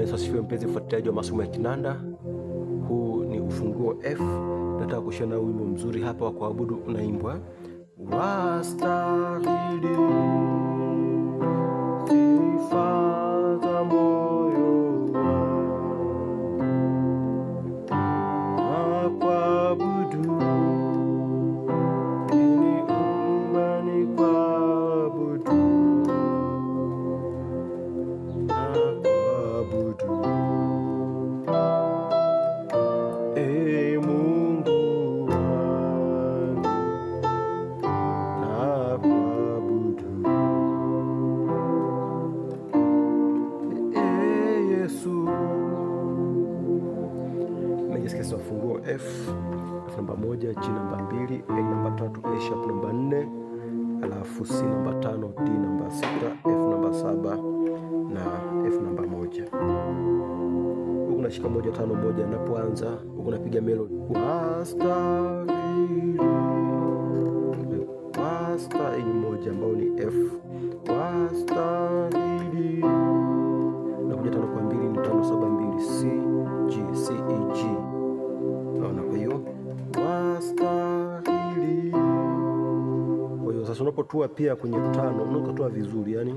Bwana Yesu asifiwe, mpenzi mfuatiliaji wa masomo ya kinanda. Huu ni ufunguo F. Nataka kushia nao wimbo mzuri hapa wa kuabudu unaimbwa wastahili sifa F, namba moja, G namba mbili, A namba tatu, A sharp namba nne, alafu C namba tano, D namba sita, F namba saba na F namba moja. Huku nashika moja tano moja, napoanza huku napiga melody wasta ini moja ambao ni F wasta unapotua pia kwenye tano unakotua vizuri yani.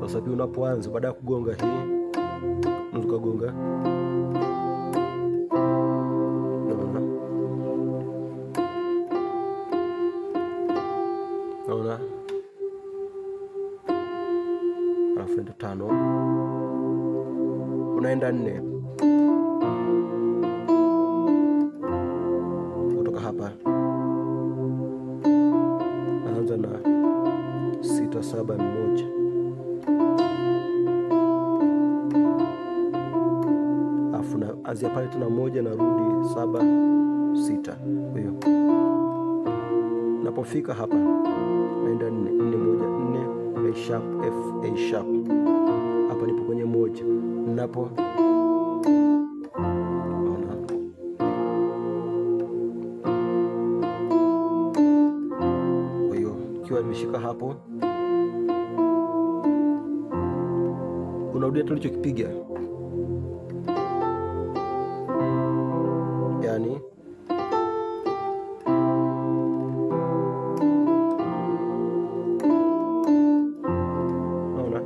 Sasa pia unapoanza baada ya kugonga hii ukagonga naona, tano unaenda nne kutoka hapa, naanza na sita saba moja afu na azia pale tena moja, na rudi saba sita. Kwa hiyo napofika hapa naenda nne nne moja nne A sharp F A sharp, hapa nipo kwenye moja napo nikiwa nimeshika hapo, unarudia tulichokipiga, yani naona.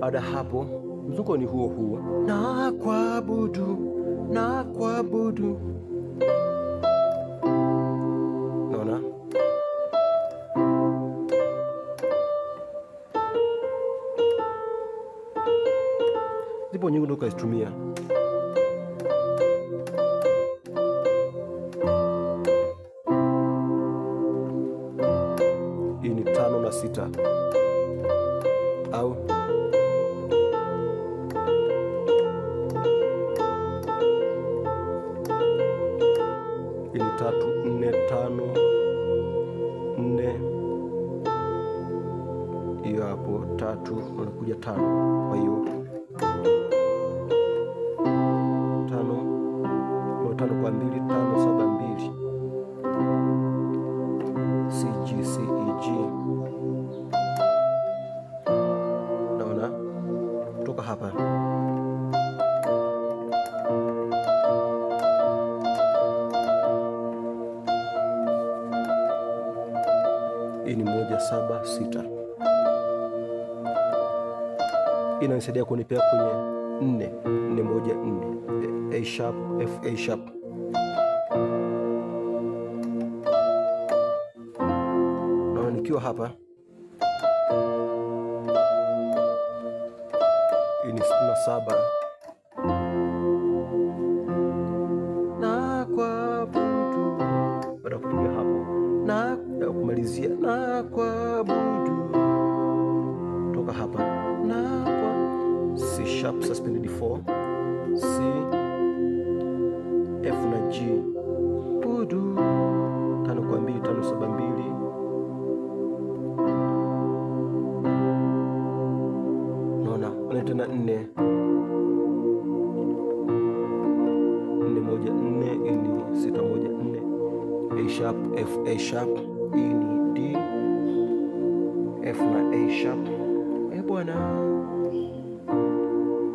Baada hapo mzuko ni huo huo, na kuabudu na kuabudu zipo nyingi ndo ukazitumia. Hii ni tano na sita au hii ni tatu nne tano nne hiyo hapo tatu unakuja tano, kwa hiyo tano kwa mbili tano saba mbili cgcg e Naona kutoka hapa hii ni moja saba sita inanisaidia kunipea kwenye nne nne moja nne A sharp F A sharp na nikiwa hapa ini sitini na saba na kwa budu baada kupiga hapo na kumalizia na kwa sharp suspended 4 C F na G Pudu. Tano kwa mbili, tano saba mbili, naona unatena nne nne moja nne, ini sita moja nne, A sharp F A sharp, ini D F na A sharp. Eh bwana